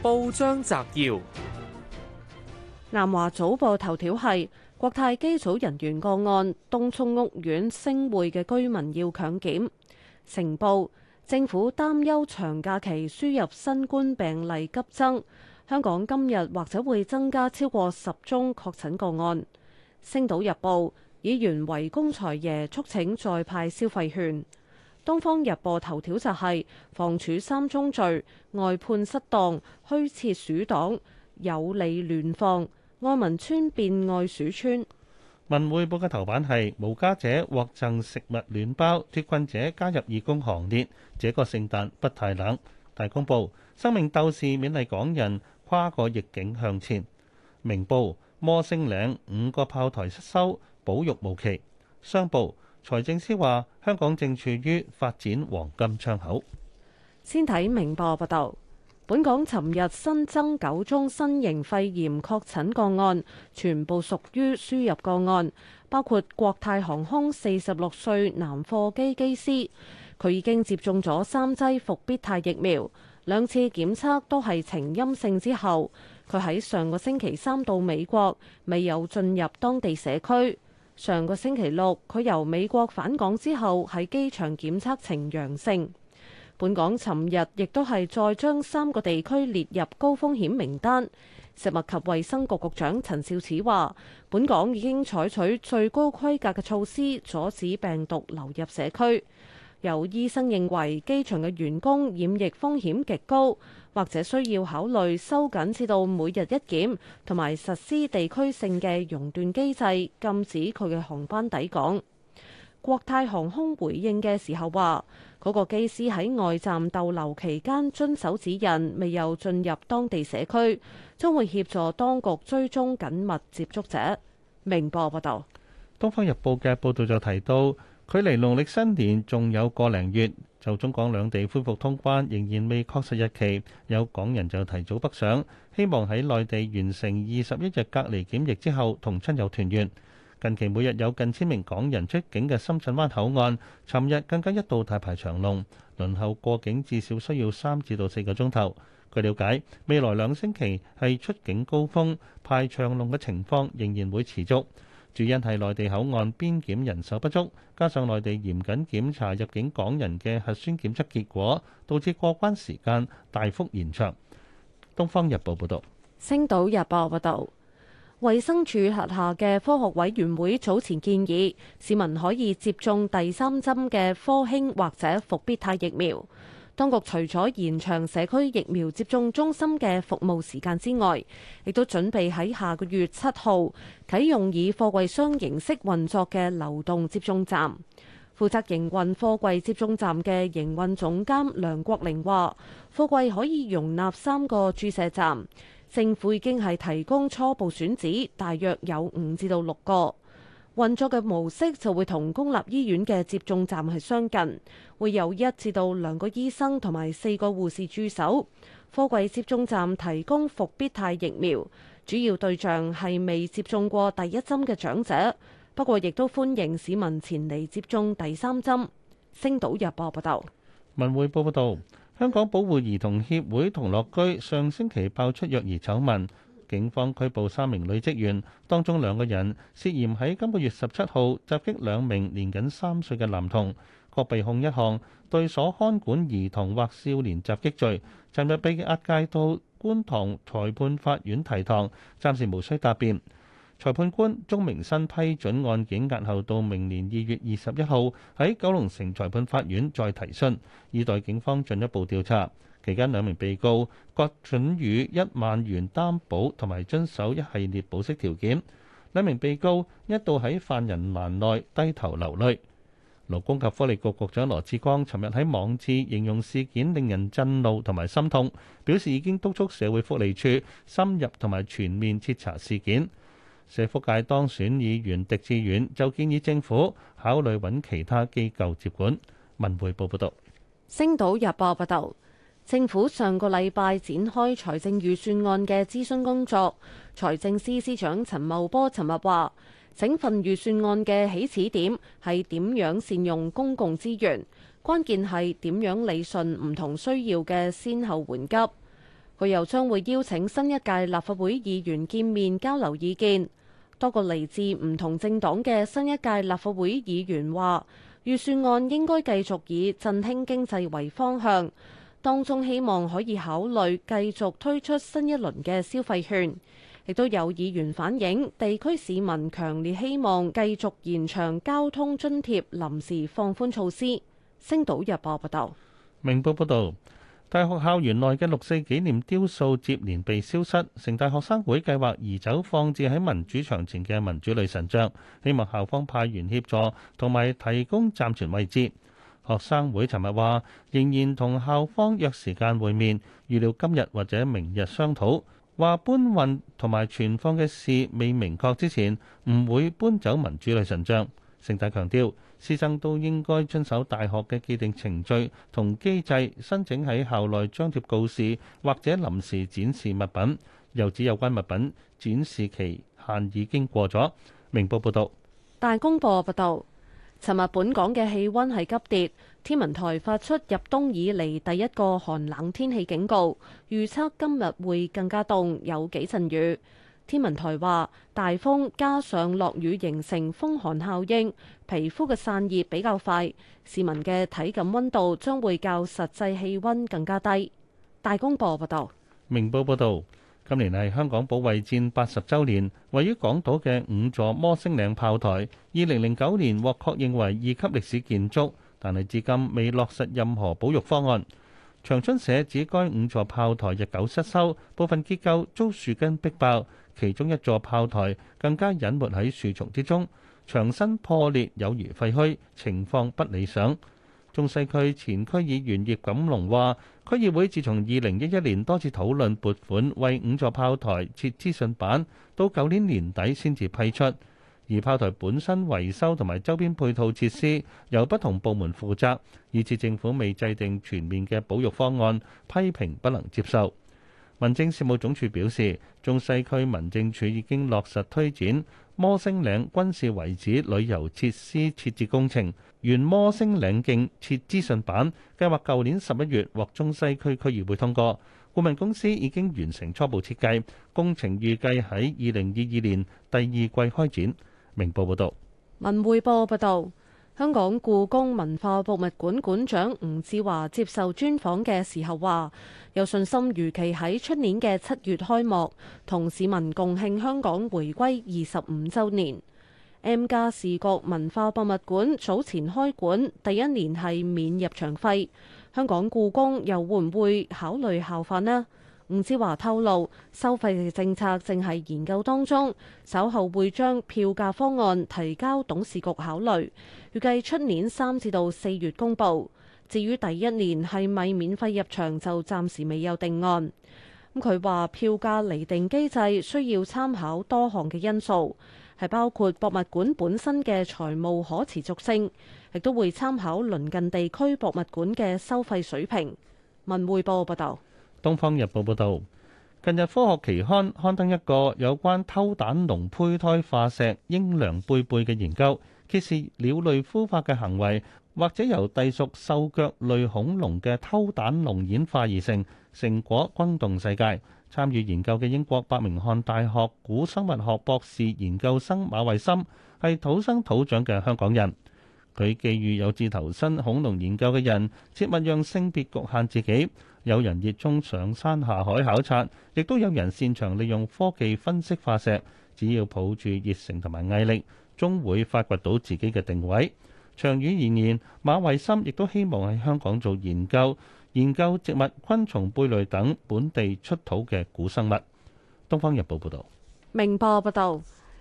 報章摘要：南華早報頭條係國泰機組人員個案，東涌屋苑星匯嘅居民要強檢。成報政府擔憂長假期輸入新冠病例急增，香港今日或者會增加超過十宗確診個案。星島日報議員圍攻財爺，促請再派消費券。《東方日報》頭條就係房署三宗罪，外判失當、虛設鼠黨、有理亂放，愛民村變愛鼠村。《文匯報》嘅頭版係無家者獲贈食物暖包，脱困者加入義工行列，這個聖誕不太冷。《大公報》生命鬥士勉勵港人跨過逆境向前。《明報》摩星嶺五個炮台失修，保育無期。《商報》財政司話：香港正處於發展黃金窗口。先睇明報報道，本港尋日新增九宗新型肺炎確診個案，全部屬於輸入個案，包括國泰航空四十六歲男貨機機師，佢已經接種咗三劑復必泰疫苗，兩次檢測都係呈陰性之後，佢喺上個星期三到美國，未有進入當地社區。上個星期六，佢由美國返港之後，喺機場檢測呈陽性。本港尋日亦都係再將三個地區列入高風險名單。食物及衛生局局長陳肇始話，本港已經採取最高規格嘅措施，阻止病毒流入社區。有醫生認為機場嘅員工染疫風險極高，或者需要考慮收緊至到每日一檢，同埋實施地區性嘅熔斷機制，禁止佢嘅航班抵港。國泰航空回應嘅時候話：嗰個機師喺外站逗留期間遵守指引，未有進入當地社區，將會協助當局追蹤緊密接觸者。明報報道，《東方日報》嘅報導就提到。距離農曆新年仲有個零月，就中港兩地恢復通關，仍然未確實日期。有港人就提早北上，希望喺內地完成二十一日隔離檢疫之後，同親友團圓。近期每日有近千名港人出境嘅深圳灣口岸，尋日更加一度大排長龍，輪候過境至少需要三至到四個鐘頭。據了解，未來兩星期係出境高峰，排長龍嘅情況仍然會持續。主因係內地口岸邊檢人手不足，加上內地嚴緊檢查入境港人嘅核酸檢測結果，導致過關時間大幅延長。《東方日報》報道，《星島日報》報道，衞生署轄下嘅科學委員會早前建議市民可以接種第三針嘅科興或者復必泰疫苗。當局除咗延長社區疫苗接種中心嘅服務時間之外，亦都準備喺下個月七號啟用以貨櫃箱形式運作嘅流動接種站。負責營運貨櫃接種站嘅營運總監梁國玲話：貨櫃可以容納三個注射站，政府已經係提供初步選址，大約有五至到六個。運作嘅模式就會同公立醫院嘅接種站係相近，會由一至到兩個醫生同埋四個護士駐守。貨櫃接種站提供復必泰疫苗，主要對象係未接種過第一針嘅長者，不過亦都歡迎市民前嚟接種第三針。星島日報報道，文匯報報道，香港保護兒童協會童樂居上星期爆出虐兒醜聞。警方拘捕三名女職員，當中兩個人涉嫌喺今個月十七號襲擊兩名年僅三歲嘅男童，各被控一項對所看管兒童或少年襲擊罪。尋日被押解到觀塘裁判法院提堂，暫時無需答辯。裁判官鍾明新批准案件押後到明年二月二十一號喺九龍城裁判法院再提訊，以待警方進一步調查。期間兩名被告各准予一萬元擔保，同埋遵守一系列保釋條件。兩名被告一度喺犯人欄內低頭流淚。勞工及福利局局長羅志光尋日喺網誌形容事件令人震怒同埋心痛，表示已經督促社會福利處深入同埋全面徹查事件。社福界當選議員狄志遠就建議政府考慮揾其他機構接管。文匯報報道，星島日報報道。政府上個禮拜展開財政預算案嘅諮詢工作。財政司司長陳茂波尋日話：整份預算案嘅起始點係點樣善用公共資源，關鍵係點樣理順唔同需要嘅先後緩急。佢又將會邀請新一屆立法會議員見面交流意見。多個嚟自唔同政黨嘅新一屆立法會議員話：預算案應該繼續以振興經濟為方向。當中希望可以考慮繼續推出新一輪嘅消費券，亦都有議員反映，地區市民強烈希望繼續延長交通津貼臨時放寬措施。星島日報報道。明報報道，大學校園內嘅六四紀念雕塑接連被消失，城大學生會計劃移走放置喺民主牆前嘅民主女神像，希望校方派員協助同埋提供暫存位置。學生會尋日話，仍然同校方約時間會面，預料今日或者明日商討。話搬運同埋存放嘅事未明確之前，唔會搬走民主女神像。成大強調，師生都應該遵守大學嘅既定程序同機制，申請喺校內張貼告示或者臨時展示物品。又指有關物品展示期限已經過咗。明報報道。大公報報導。尋日本港嘅氣溫係急跌，天文台發出入冬以嚟第一個寒冷天氣警告，預測今日會更加凍，有幾陣雨。天文台話大風加上落雨，形成風寒效應，皮膚嘅散熱比較快，市民嘅體感溫度將會較實際氣溫更加低。大公報報道，明報報道。今年係香港保衛戰八十週年，位於港島嘅五座摩星嶺炮台，二零零九年獲確認為二級歷史建築，但係至今未落實任何保育方案。長春社指，該五座炮台日久失修，部分結構遭樹根逼爆，其中一座炮台更加隱沒喺樹叢之中，牆身破裂有如廢墟，情況不理想。中西區前區議員葉錦龍話：區議會自從二零一一年多次討論撥款為五座炮台設資訊板，到舊年年底先至批出。而炮台本身維修同埋周邊配套設施由不同部門負責，以至政府未制定全面嘅保育方案，批評不能接受。民政事務總署表示，中西區民政處已經落實推展。摩星嶺軍事遺址旅遊設施設置工程，原摩星嶺徑設資訊板計劃舊年十一月獲中西區區議會通過。顧問公司已經完成初步設計，工程預計喺二零二二年第二季開展。明報報道，文匯報報道。香港故宮文化博物館館長吳志華接受專訪嘅時候話：有信心如期喺出年嘅七月開幕，同市民共慶香港回歸二十五週年。M+ 視覺文化博物館早前開館，第一年係免入場費，香港故宮又會唔會考慮效法呢？吳志華透露，收費嘅政策正係研究當中，稍後會將票價方案提交董事局考慮，預計出年三至到四月公布。至於第一年係咪免費入場，就暫時未有定案。咁佢話，票價釐定機制需要參考多項嘅因素，係包括博物館本身嘅財務可持續性，亦都會參考鄰近地區博物館嘅收費水平。文匯報報道。《東方日報》報導，近日《科學期刊》刊登一個有關偷蛋龍胚胎化石、英良貝貝嘅研究，揭示鳥類孵化嘅行為或者由隸屬獸腳類恐龍嘅偷蛋龍演化而成。成果轟動世界。參與研究嘅英國伯明翰大學古生物學博士研究生馬慧森，係土生土長嘅香港人，佢寄語有志投身恐龍研究嘅人，切勿讓性別局限自己。有人熱衷上山下海考察，亦都有人擅長利用科技分析化石。只要抱住熱誠同埋毅力，終會發掘到自己嘅定位。長遠而言，馬維森亦都希望喺香港做研究，研究植物、昆蟲、貝類等本地出土嘅古生物。《東方日報》報道：「明報報道。」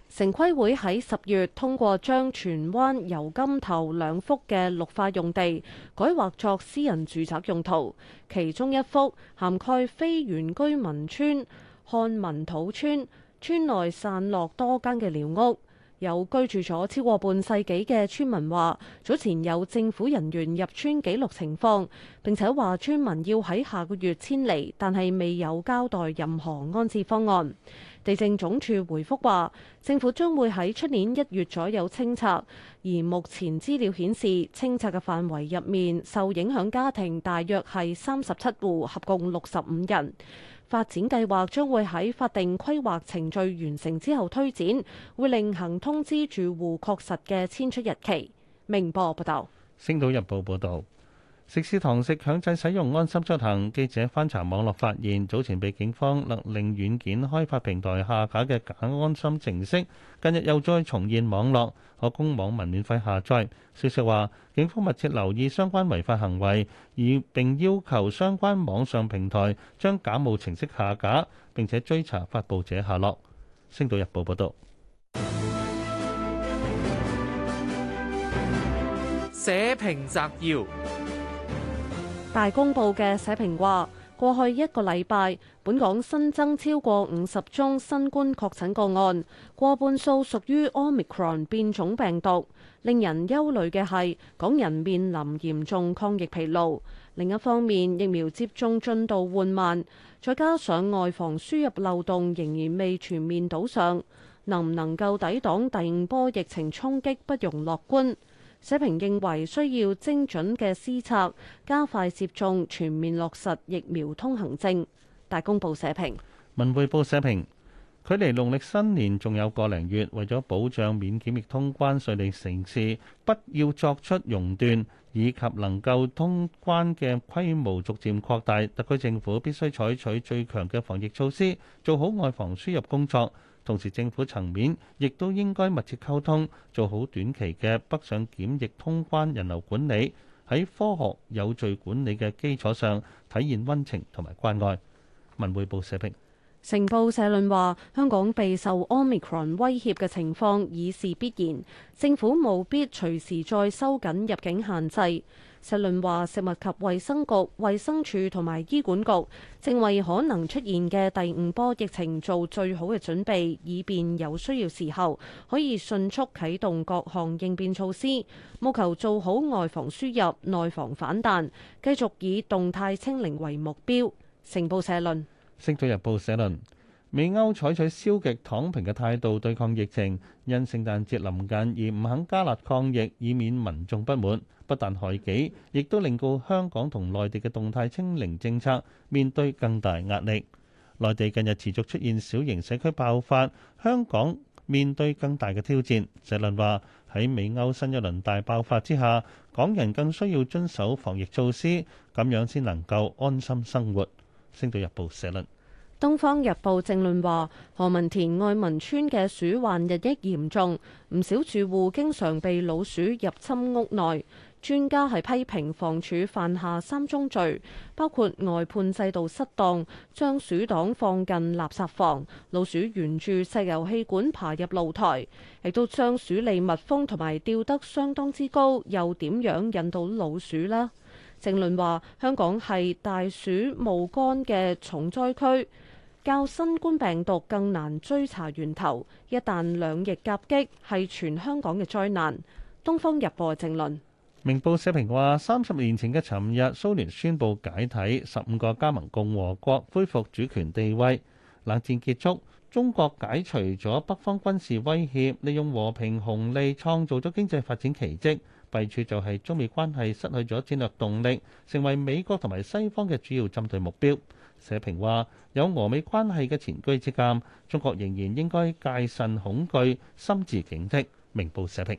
城規會喺十月通過將荃灣油柑頭兩幅嘅綠化用地改劃作私人住宅用途，其中一幅涵蓋非原居民村、漢民土村，村內散落多間嘅寮屋。有居住咗超過半世紀嘅村民話，早前有政府人員入村紀錄情況，並且話村民要喺下個月遷離，但係未有交代任何安置方案。地政總署回覆話，政府將會喺出年一月左右清拆，而目前資料顯示，清拆嘅範圍入面受影響家庭大約係三十七戶，合共六十五人。發展計劃將會喺法定規劃程序完成之後推展，會另行通知住戶確實嘅遷出日期。明報報道，《星島日報》報道。食肆堂食強制使用安心出行，記者翻查網絡發現，早前被警方勒令軟件開發平台下架嘅假安心程式，近日又再重現網絡，可供網民免費下載。消息話，警方密切留意相關違法行為，而並要求相關網上平台將假冒程式下架，並且追查發布者下落。星島日報報導。社評摘要。大公報嘅社評話：過去一個禮拜，本港新增超過五十宗新冠確診個案，過半數屬於 Omicron 變種病毒。令人憂慮嘅係，港人面臨嚴重抗疫疲勞。另一方面，疫苗接種進度緩慢，再加上外防輸入漏洞仍然未全面堵上，能唔能夠抵擋第五波疫情衝擊，不容樂觀。社評認為需要精準嘅施策，加快接種，全面落實疫苗通行證。大公報社評，文匯報社評，距離農曆新年仲有個零月，為咗保障免檢疫通關順利，城市不要作出熔斷，以及能夠通關嘅規模逐漸擴大，特區政府必須採取最強嘅防疫措施，做好外防輸入工作。同時，政府層面亦都應該密切溝通，做好短期嘅北上檢疫、通關人流管理，喺科學有序管理嘅基礎上，體現溫情同埋關愛。文匯報社評，成報社論話：香港備受 Omicron 威脅嘅情況已是必然，政府務必隨時再收緊入境限制。社論話食物及衛生局、衛生署同埋醫管局正為可能出現嘅第五波疫情做最好嘅準備，以便有需要時候可以迅速啟動各項應變措施，務求做好外防輸入、內防反彈，繼續以動態清零為目標。成報社論，《星島日報》社論：美歐採取消極躺平嘅態度對抗疫情，因聖誕節臨近而唔肯加辣抗疫，以免民眾不滿。不但害己，亦都令到香港同內地嘅動態清零政策面對更大壓力。內地近日持續出現小型社區爆發，香港面對更大嘅挑戰。社論話喺美歐新一輪大爆發之下，港人更需要遵守防疫措施，咁樣先能夠安心生活。星島日報社論，東方日報正論話，何文田愛民村嘅鼠患日益嚴重，唔少住戶經常被老鼠入侵屋內。專家係批評房署犯下三宗罪，包括外判制度失當，將鼠黨放近垃圾房，老鼠沿住石油氣管爬入露台，亦都將鼠利密封，同埋吊得相當之高，又點樣引到老鼠呢？正論話，香港係大鼠戊肝嘅重災區，較新冠病毒更難追查源頭。一旦兩疫夾擊，係全香港嘅災難。東方日報嘅正論。明報社評話：三十年前嘅尋日，蘇聯宣布解體，十五個加盟共和國恢復主權地位，冷戰結束。中國解除咗北方軍事威脅，利用和平紅利創造咗經濟發展奇蹟。弊處就係中美關係失去咗戰略動力，成為美國同埋西方嘅主要針對目標。社評話：有俄美關係嘅前車之鑑，中國仍然應該戒慎恐懼，心持警惕。明報社評。